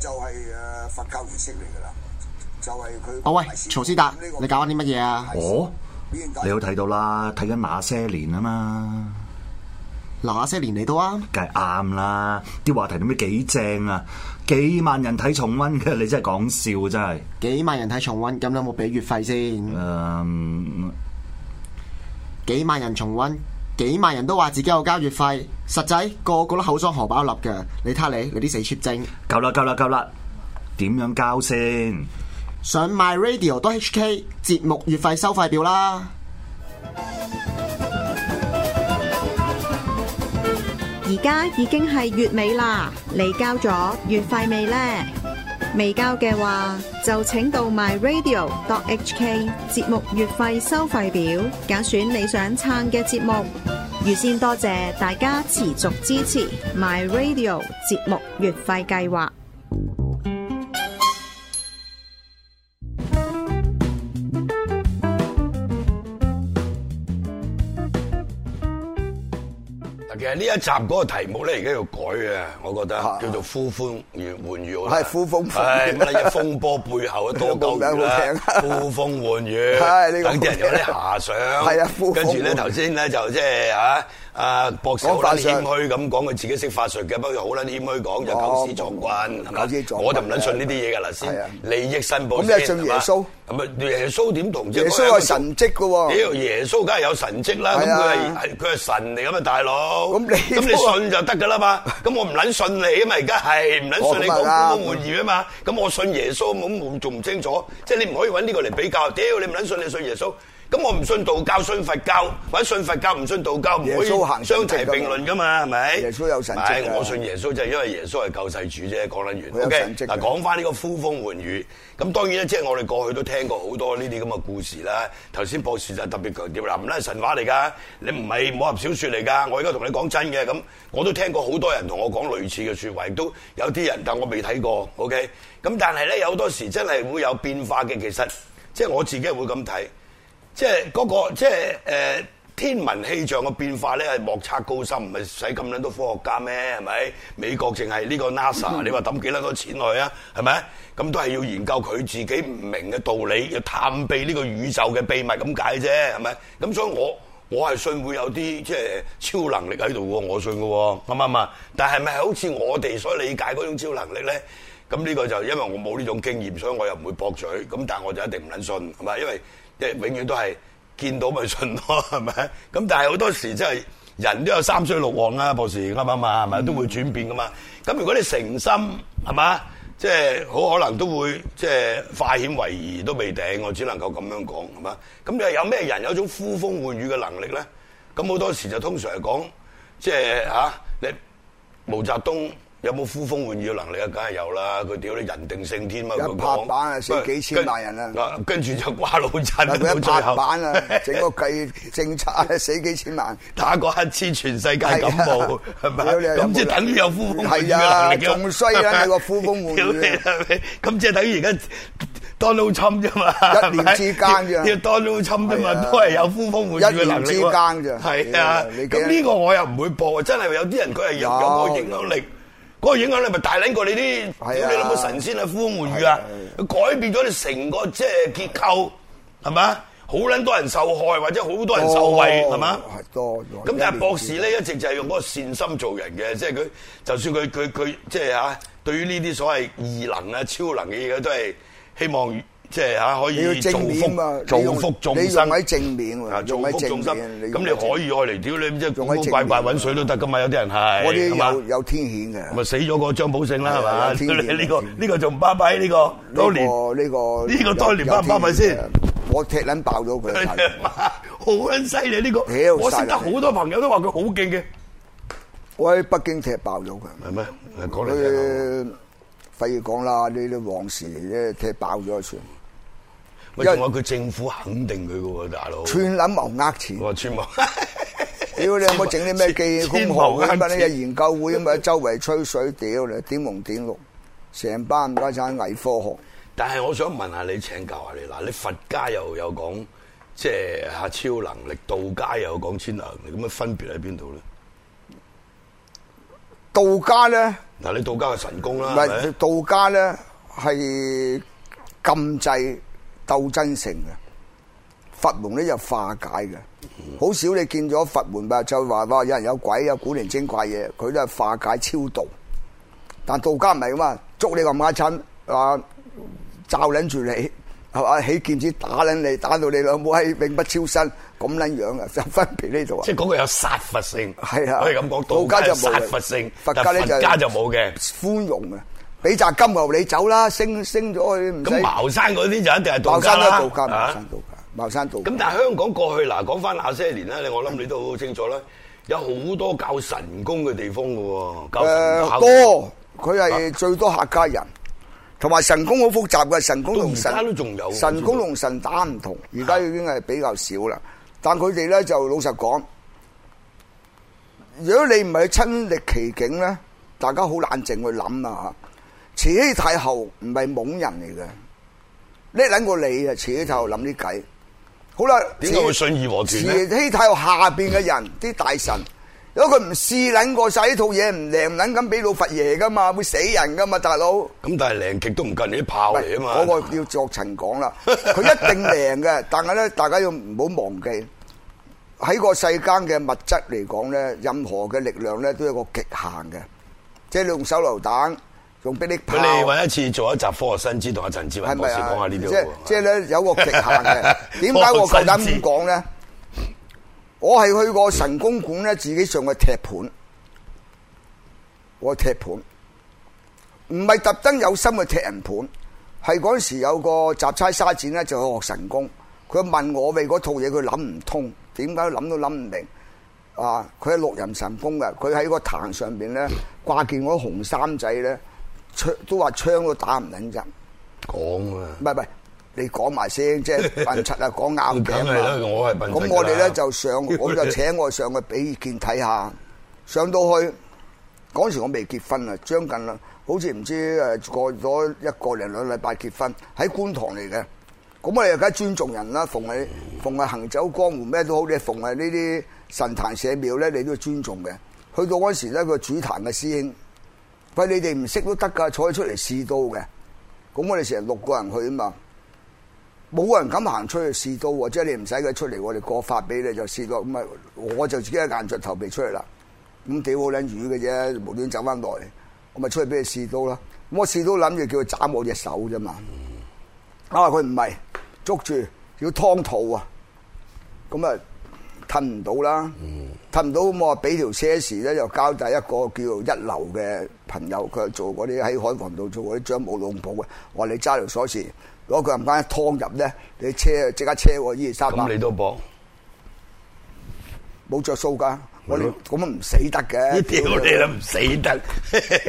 就係誒佛教儀式嚟噶啦，就係佢。哦喂，曹思達，你搞緊啲乜嘢啊？哦，你好睇到啦，睇緊那些年啊嘛，那些年嚟到啊，梗係啱啦。啲話題點咩幾正啊？幾萬人睇重溫嘅，你真係講笑真係。幾萬人睇重溫，咁你有冇俾月費先？嗯，幾萬人重溫。幾萬人都話自己有交月費，實際個,個個都口裝荷包立嘅。你睇下你，你啲死 cheap 精。夠啦，夠啦，夠啦。點樣交先？上 MyRadio.hk 節目月費收費表啦。而家已經係月尾啦，你交咗月費未呢？未交嘅話，就請到 MyRadio.hk 節目月費收費表，揀選你想撐嘅節目。預先多謝大家持續支持 My Radio 節目月費計劃。呢一集嗰個題目咧，而家要改嘅，我覺得、啊、叫做呼，呼，語、啊、呼風喚雨，係、啊、呼風，風雨，係乜嘢風波背後嘅多刀呼風喚雨，雨，雨，雨，雨，、啊呢個、雨，等啲人有啲遐想，跟住咧頭先咧就即、是、係啊啊，博士好捻謙虛咁講，佢自己識法術嘅，不過好捻謙虛講就狗屎作關，我就唔捻信呢啲嘢噶啦，先利益申報先，咁你信耶穌？係咪耶穌點同啫？耶穌係神蹟嘅喎，屌耶穌梗係有神蹟啦，咁佢係佢係神嚟噶嘛，大佬。咁你咁你信就得噶啦嘛，咁我唔捻信你啊嘛，而家係唔捻信你講嗰個玩意啊嘛，咁我信耶穌，冇冇仲唔清楚？即係你唔可以揾呢個嚟比較，屌你唔捻信你信耶穌？咁我唔信道教，信佛教或者信佛教唔信道教，唔會相提並論噶嘛？係咪？耶穌有神職。即係我信耶穌，就係因為耶穌係救世主啫。講緊完。OK 嗱，講翻呢個呼風喚雨咁，當然呢，即係我哋過去都聽過好多呢啲咁嘅故事啦。頭先博士就特別強調啦，唔係神話嚟噶，你唔係武俠小說嚟噶。我而家同你講真嘅咁，我都聽過好多人同我講類似嘅説話，亦都有啲人，但我未睇過。OK，咁但係咧，有多時真係會有變化嘅。其實即係我自己會咁睇。即係嗰、那個、即係誒、呃、天文氣象嘅變化咧，係莫測高深，唔係使咁撚多科學家咩？係咪？美國淨係呢個 NASA，你話抌幾多錢落去啊？係咪？咁都係要研究佢自己唔明嘅道理，要探秘呢個宇宙嘅秘密咁解啫，係咪？咁所以我我係信會有啲即係超能力喺度喎，我信嘅，啱唔啱？但係咪好似我哋所理解嗰種超能力咧？咁呢個就因為我冇呢種經驗，所以我又唔會駁嘴。咁但係我就一定唔撚信，係咪？因為即係永遠都係見到咪信咯，係咪？咁但係好多時即係人都有三衰六旺啦，博士啱唔啱啊？係咪、嗯、都會轉變噶嘛？咁如果你誠心係嘛，即係好可能都會即係化險為夷都未頂，我只能夠咁樣講係嘛？咁你話有咩人有種呼風喚雨嘅能力咧？咁好多時就通常係講，即係嚇、啊、你毛澤東。有冇呼風喚雨嘅能力啊？梗係有啦！佢屌你人定勝天嘛！佢講一拍板啊，死幾千萬人啊！跟住就瓜老襯啊！一拍板啊，整個計政策死幾千萬，人他 幾千萬人，打個一黐全世界感冒，係咪、啊？咁即、啊、等於有呼風喚雨能力嘅，仲衰啊！有呼風喚雨，咁即係等於而家 Donald Trump 啫嘛？一年之間嘅 Donald Trump 啫嘛，都係有呼風喚雨嘅能力一年之間啫，係啊！咁呢個我又唔會播， 真係有啲人佢係有，有影響力。有 嗰、那個影響力咪大撚過你啲屌、啊、你諗到神仙啊、呼風喚雨啊，改變咗你成個即係結構，係咪？好撚多人受害或者好多人受惠，係嘛，哦哦嗯？多，咁但係博士咧，一直就係用嗰個善心做人嘅，即係佢就算佢佢佢即係嚇，對於呢啲所謂異能啊、超能嘅嘢都係希望。即係嚇，可以做福做福眾生，你用喺正面喎，用喺正面。咁你可以愛嚟屌你，即係怪怪揾水都得噶嘛？有啲人係，有有天譴嘅。咪死咗個張寶勝啦，係嘛？呢個呢個仲唔巴閉，呢個多年，呢個呢個多年巴唔巴閉先？我踢撚爆咗佢。好撚犀利呢個！我識得好多朋友都話佢好勁嘅。我喺北京踢爆咗佢。係咩？費事講啦，呢啲往事咧踢爆咗算。因為佢政府肯定佢嘅大佬。串撚謀呃錢。我話串謀。屌， 你有冇整啲咩嘅科學啊？乜嘢研究會啊？乜嘢周圍吹水屌你？點紅點綠，成班唔該曬偽科學。但係我想問下你，請教下你嗱，你佛家又有講，即係阿超能力，道家又有講千能力，咁樣分別喺邊度咧？道家咧？嗱，你道家係神功啦。唔係道家咧，係禁制。鬥爭性嘅，佛門咧就化解嘅，好少你見咗佛門吧，就話話有人有鬼有古靈精怪嘢，佢都係化解超度。但道家唔係嘛，捉你咁鬼親，話罩緊住你，係嘛，起劍指打緊你，打到你兩母閪，永不超生，咁樣樣啊，就分別呢度啊。即係嗰個有殺佛性，係啊，可以咁講。道家就殺佛性，佛家咧就冇嘅寬容啊。俾扎金牛你走啦，升升咗去唔使。咁茅山嗰啲就一定係道家啦。茅山都道家啊、茅山道家，茅山道家，茅山道家。咁但係香港過去嗱，講翻那些年啦，你我諗你都好清楚啦、嗯，有好多教神功嘅地方噶。誒、呃，多，佢係最多客家人，同、啊、埋神功好複雜嘅，神功同神都有神功同神打唔同，而、啊、家已經係比較少啦。但佢哋咧就老實講，如果你唔係親歷其境咧，大家好冷靜去諗啦吓。慈禧太后唔係懵人嚟嘅，叻撚過你啊？慈禧太后諗啲計，好啦，點解會信義和團咧？慈禧太后下邊嘅人，啲大臣，如果佢唔試撚過晒呢套嘢，唔靚撚咁俾老佛爺噶嘛，會死人噶嘛，大佬。咁但係靚極都唔及你啲炮嚟啊嘛。嗰個叫作陳講啦，佢一定靚嘅，但係咧，大家要唔好忘記喺個世間嘅物質嚟講咧，任何嘅力量咧，都有個極限嘅，即係你用手榴彈。佢哋揾一次做一集科學新知，同阿陳志文老師講下呢啲喎。即係咧，有個極限嘅，點解我夠膽講咧？我係去過神功館咧，自己上去踢盤，我踢盤唔係特登有心去踢人盤，係嗰時有個雜差沙展咧，就去學神功。佢問我，為嗰套嘢佢諗唔通，點解諗都諗唔明？啊！佢係六人神功嘅，佢喺個壇上邊咧掛件嗰紅衫仔咧。都話槍都打唔撚入，講啊！唔係唔係，你講埋聲啫，笨柒啊，講拗嘅。咁我係咁我哋咧就上，我就請我上去俾意見睇下。 上到去嗰時我未結婚啊，將近好似唔知誒過咗一個零兩禮拜結婚，喺觀塘嚟嘅。咁我哋又梗係尊重人啦，逢喺逢喺行走江湖咩都好，你逢喺呢啲神壇社廟咧，你都要尊重嘅。去到嗰時咧，個主壇嘅師兄。佢你哋唔識都得㗎，坐佢出嚟試刀嘅。咁我哋成日六個人去啊嘛，冇人敢行出去試刀喎。即係你唔使佢出嚟，我哋過法俾你就試過。咁啊，我就自己硬着頭皮出嚟啦。咁幾好撚魚嘅啫，無端走翻落嚟，我咪出去俾佢試刀啦。咁我試刀諗住叫佢斬我隻手啫嘛。啊、嗯，佢唔係捉住要劏肚啊。咁啊～吞唔到啦，吞唔到，咁我話俾條車匙咧，又交底一個叫做一流嘅朋友，佢係做嗰啲喺海防度做嗰啲張冇弄保嘅，我話你揸條鎖匙，攞佢銀夾一劏入咧，你車即刻車我醫院三百。咁你都保？冇着數噶，我哋咁唔死得嘅。屌你啦，唔死得，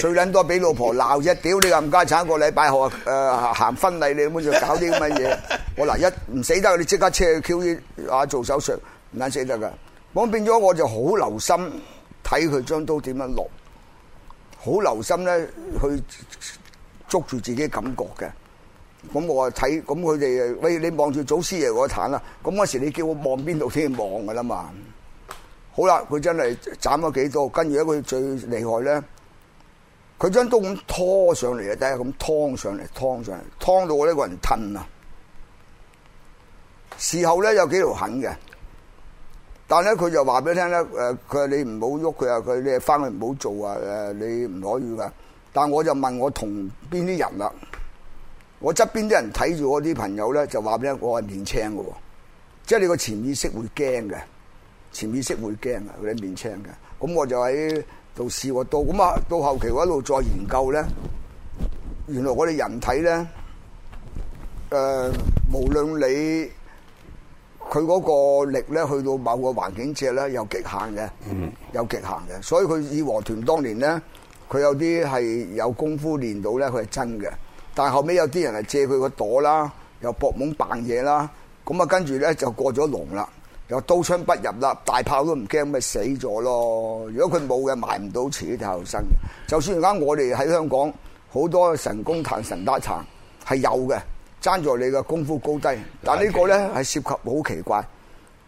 最撚多俾老婆鬧啫。屌你冚家鏟個禮拜學誒行婚禮，你咁就搞啲咁嘅嘢。我嗱一唔死得，你即刻車去 Q 醫啊做手術。難寫得噶，我變咗我就好留心睇佢張刀點樣落，好留心咧去捉住自己感覺嘅。咁我啊睇，咁佢哋喂，你望住祖師爺嗰鏟啦。咁嗰時你叫我望邊度先望噶啦嘛？好啦，佢真係斬咗幾多。跟住一佢最厲害咧，佢將刀咁拖上嚟啊，第一咁拖上嚟，拖上嚟，拖到我呢個人㩝啊！事後咧有幾條痕嘅。但咧佢就話俾你聽咧，誒佢話你唔好喐佢啊，佢你返翻去唔好做啊，誒你唔可以㗎。但我就問我同邊啲人啦，我側邊啲人睇住我啲朋友咧，就話俾你聽，我係面青嘅喎，即係你個潛意識會驚嘅，潛意識會驚啊，佢哋面青嘅。咁我就喺度試過到，咁啊到後期我一路再研究咧，原來我哋人體咧，誒、呃、無論你。佢嗰個力咧，去到某個環境借咧，有極限嘅，有、嗯、極限嘅。所以佢義和團當年咧，佢有啲係有功夫練到咧，佢係真嘅。但係後尾有啲人係借佢個朵啦，又搏懵扮嘢啦，咁啊跟住咧就過咗龍啦，又刀槍不入啦，大炮都唔驚，咪死咗咯。如果佢冇嘅，賣唔到遲啲後生。就算而家我哋喺香港好多神功彈神打殘係有嘅。爭在你嘅功夫高低，但呢個呢係涉及好奇怪，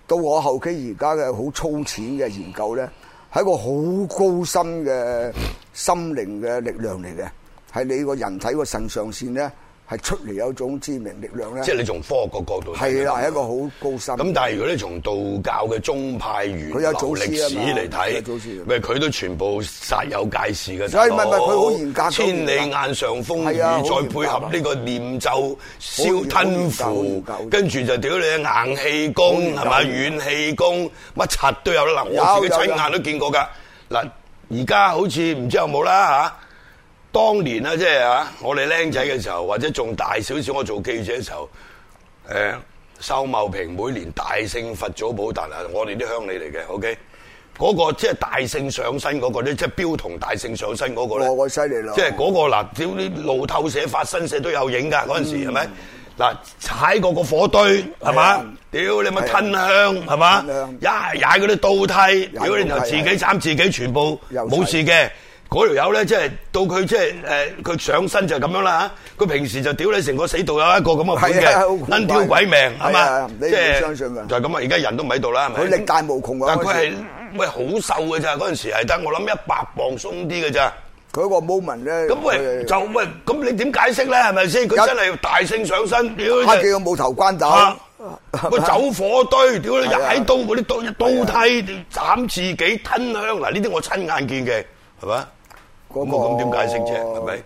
到我後期而家嘅好粗淺嘅研究呢，係一個好高深嘅心靈嘅力量嚟嘅，係你個人體個腎上腺呢。係出嚟有種知名力量咧，即係你從科學個角度係啦，係一個好高深。咁但係如果你從道教嘅宗派源流歷史嚟睇，咪佢都全部煞有介事嘅。所以咪咪佢好嚴格？千里眼上風雨，再配合呢個念咒燒吞符，跟住就屌你硬氣功係咪啊？軟氣功乜柒都有啦！我自己親眼都見過㗎。嗱，而家好似唔知有冇啦吓當年啊，即係啊，我哋僆仔嘅時候，或者仲大少少，我做記者嘅時候，誒，秀茂坪每年大聖佛祖寶誕，我哋啲鄉里嚟嘅，OK，嗰、那個即係大聖上身嗰、那個咧，即係標同大聖上身嗰、那個咧，犀利啦，即係嗰個嗱，屌啲路透社、法新社都有影噶，嗰陣時係咪？嗱，踩過個火堆係咪？屌你咪吞香係嘛？一踩嗰啲刀梯，屌你又自己斬自己，全部冇事嘅。嗰條友咧，即係到佢即係誒，佢上身就係咁樣啦嚇。佢平時就屌你成個死度有一個咁嘅本嘅，掹條鬼命係嘛？即係就係咁啊！而家人都唔喺度啦，係咪？佢力大無窮啊！但係佢係喂好瘦嘅咋？嗰陣時係得我諗一百磅鬆啲嘅咋。佢個 moment 咧咁喂就喂咁你點解釋咧？係咪先？佢真係要大聖上身屌！拉幾個冇頭關走，喂走火堆屌你，又喺刀嗰啲刀刀梯斬自己吞香嗱，呢啲我親眼見嘅係嘛？咁咁點解釋啫？係咪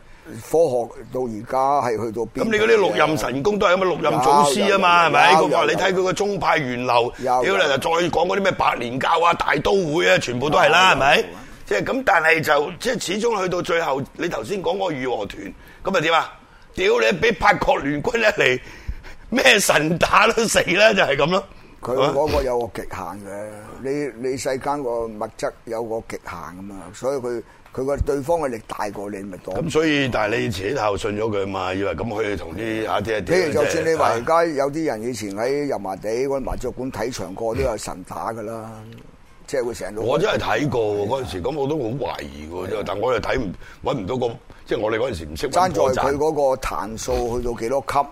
科學到而家係去到邊？咁你嗰啲六任神功都係咁嘅六任祖師啊嘛，係咪？你睇佢個宗派源流，屌你又再講嗰啲咩白蓮教啊、大都會啊，全部都係啦，係咪？即係咁，但係就即係始終去到最後，你頭先講個義和團，咁咪點啊？屌你，俾八國聯軍一嚟，咩神打都死啦，就係咁咯。佢嗰個有個極限嘅，你你世間個物質有個極限㗎嘛，所以佢佢個對方嘅力大過你，咪多。咁所以，但係你以前孝順咗佢嘛，以為咁可以同啲阿爹爹。譬如就算你話而家有啲人以前喺油麻地嗰啲麻雀館睇場過都有神打㗎啦， 即係會成。我真係睇過嗰陣時，咁我都好懷疑喎，但我又睇唔揾唔到個，即係我哋嗰陣時唔識。爭在佢嗰個彈數去到幾多級？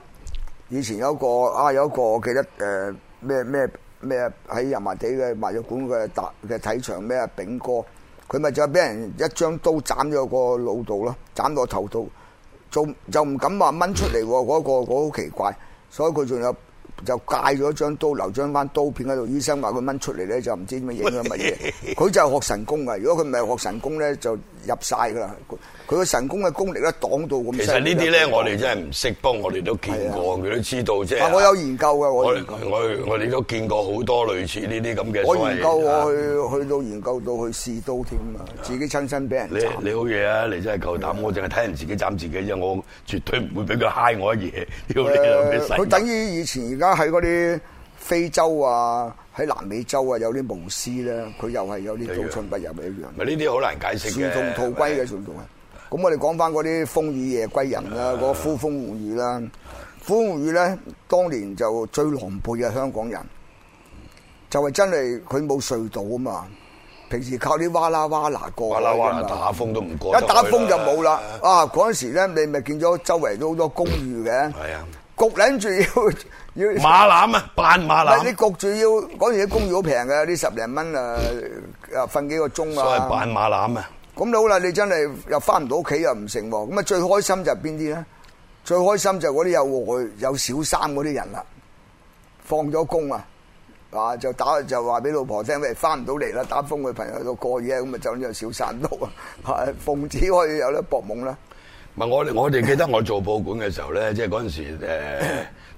以前有一個啊，有一個記得誒。呃咩咩咩喺油麻地嘅麻雀館嘅打嘅睇場咩炳哥，佢咪就俾人一張刀斬咗個腦度咯，斬個頭度，仲就唔敢話掹出嚟喎嗰個，嗰個好奇怪，所以佢仲有就戒咗張刀留一張翻刀片喺度，醫生話佢掹出嚟咧就唔知點樣影響乜嘢，佢就係學神功嘅，如果佢唔係學神功咧就。入晒噶啦！佢個神功嘅功力咧，擋到咁。其實這些呢啲咧，我哋真係唔識，不過我哋都見過，佢都知道啫。我有研究㗎，我我我哋都見過好多類似呢啲咁嘅，我研究我去去到研究到去試刀添啊，自己親身俾人。你你好嘢啊！你真係夠膽，的我淨係睇人自己斬自己啫，我絕對唔會俾佢嗨我一嘢。要你佢、呃、等於以前而家喺嗰啲非洲啊。喺南美洲啊，有啲巫師咧，佢又係有啲早春不入嘅一樣。咪呢啲好難解釋嘅。樹棟土龜嘅樹棟啊，咁我哋講翻嗰啲風雨夜歸人啦，嗰、啊那個呼風喚雨啦，呼風喚雨咧，當年就最狼狽嘅香港人，就係、是、真係佢冇隧道啊嘛，平時靠啲哇啦哇啦過，啦哇啦打風都唔過，一打風就冇啦。啊，嗰、啊、陣時咧，你咪見咗周圍都好多公寓嘅。係啊。焗捻住要要馬籃啊，扮馬籃。唔係你焗住要嗰陣時工又好平嘅，呢十零蚊啊啊，瞓幾個鐘啊。所以扮馬籃啊。咁你好啦，你真係又翻唔到屋企又唔成喎。咁啊最開心就係邊啲咧？最開心就嗰啲有有小三嗰啲人啦。放咗工啊，啊就打就話俾老婆聽喂，翻唔到嚟啦，打風嘅朋友度過夜，咁啊就呢個小散到啊，係奉旨可以有得啦，搏懵啦。唔係我哋，我哋記得我做報館嘅時候咧， 即係嗰陣時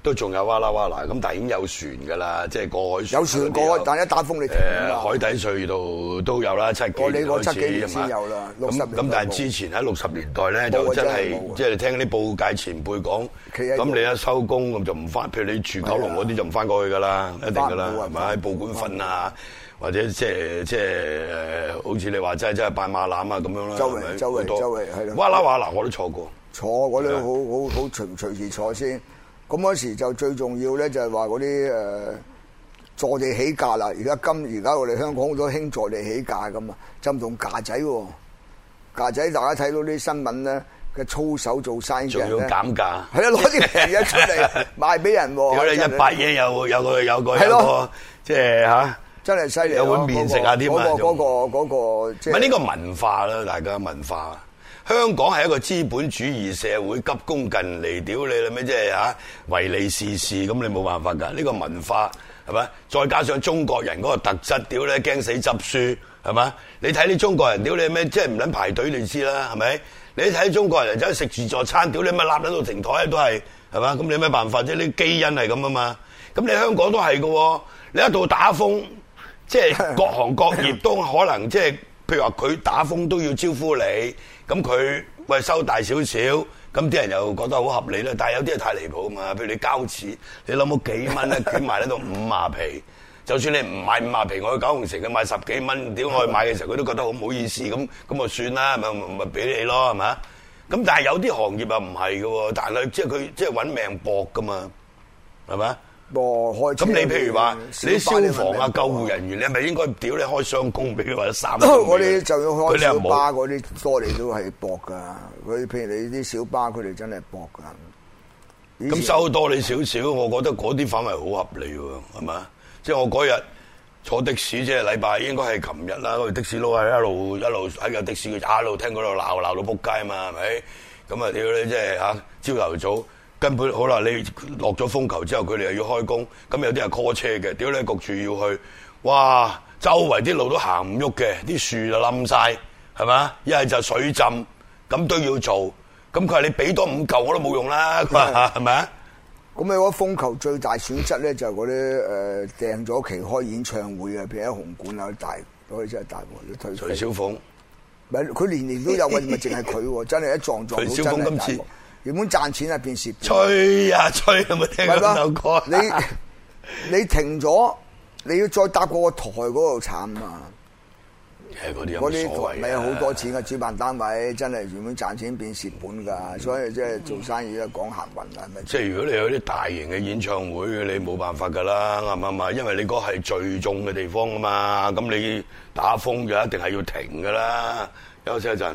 都仲有哇啦哇啦，咁但已經有船噶啦，即係過海船。有船過海，但一打風你停。海底隧道都有啦，七幾年開始你七幾年有啦，六十年咁咁，但係之前喺六十年代咧，就真係即係聽啲報界前輩講，咁你一收工咁就唔翻，譬如你住九龍嗰啲就唔翻過去噶啦、啊，一定噶啦，係咪喺報館瞓啊？或者即係即係，誒，好似你話齋，真係拜馬覽啊咁樣啦，周圍周圍周圍係啦，哇啦嘩啦，我都坐過，坐，我都好好好隨隨時坐先。咁嗰時就最重要咧，就係話嗰啲誒坐地起價啦。而家今而家我哋香港好多興坐地起價咁嘛，針同價仔、啊，價仔大家睇到啲新聞咧，嘅操手做生意，仲要減價，係 啊，攞啲平嘢出嚟賣俾人。如果你一百嘢有有個有個有個，有個即係吓。啊真係犀利，有碗麵食下添啊！嗰個嗰個嗰個，唔呢個文化啦，大家文化,文化。香港係一個資本主義社會，急功近利，屌你啦咩？即係啊，唯利是事，咁你冇辦法㗎。呢個文化係嘛？再加上中國人嗰個特質，屌你驚死執輸係嘛？你睇啲中國人，屌你咩？即係唔撚排隊你知啦，係咪？你睇中國人走去食自助餐，屌你咪立喺度停台都係係嘛？咁你有咩辦法啫？啲基因係咁啊嘛。咁你香港都係㗎喎，你一度打風。即係各行各業都可能，即係譬如話佢打風都要招呼你，咁佢喂收大少少，咁啲人又覺得好合理啦。但係有啲係太離譜啊嘛，譬如你膠紙，你諗冇幾蚊咧，點買得到五麻皮。就算你唔買五麻皮，我去九龍城佢買十幾蚊，點我去買嘅時候佢都覺得好唔好意思，咁咁算啦，咪咪俾你咯，係咪？咁但係有啲行業啊唔係喎，但係即係佢即係搵命搏㗎嘛，係咪？咁你譬如話，你啲消防啊、救護人員，你係咪應該屌你開雙工俾佢或者三？嗰啲就要開小巴嗰啲多啲都係搏噶。佢譬如你啲小巴他們真的薄的，佢哋真係搏噶。咁收多你少少，我覺得嗰啲反為好合理喎，係嘛？即係我嗰日坐的士，即係禮拜應該係琴日啦。嗰啲的士佬係一路一路喺架的士佢一路聽嗰度鬧鬧到仆街啊嘛，係咪？咁啊屌你！即係嚇朝頭早，上早上。根本好啦，你落咗風球之後，佢哋又要開工，咁有啲係 call 車嘅，屌你焗住要去，哇！周圍啲路都行唔喐嘅，啲樹就冧晒，係咪？一係就水浸，咁都要做。咁佢話你俾多五嚿我都冇用啦，係咪啊？咁你話風球最大損失咧，就係嗰啲誒訂咗期開演唱會啊，譬如喺紅館啊大，所以真係大部都退徐小鳳，咪佢年年都有嘅，唔係淨係佢喎，真係一撞撞原本賺錢啊，變蝕。吹啊吹，有冇聽過首歌？你你停咗，你要再搭過個台嗰度慘啊嘛。係嗰啲有冇所謂？嗰啲台咪有好多錢嘅主辦單位，真係原本賺錢變蝕本噶，所以即係做生意啊，講行運啊，係咪？即係如果你有啲大型嘅演唱會，你冇辦法噶啦，啱唔啱？因為你嗰係聚眾嘅地方啊嘛，咁你打風就一定係要停噶啦，休息一陣。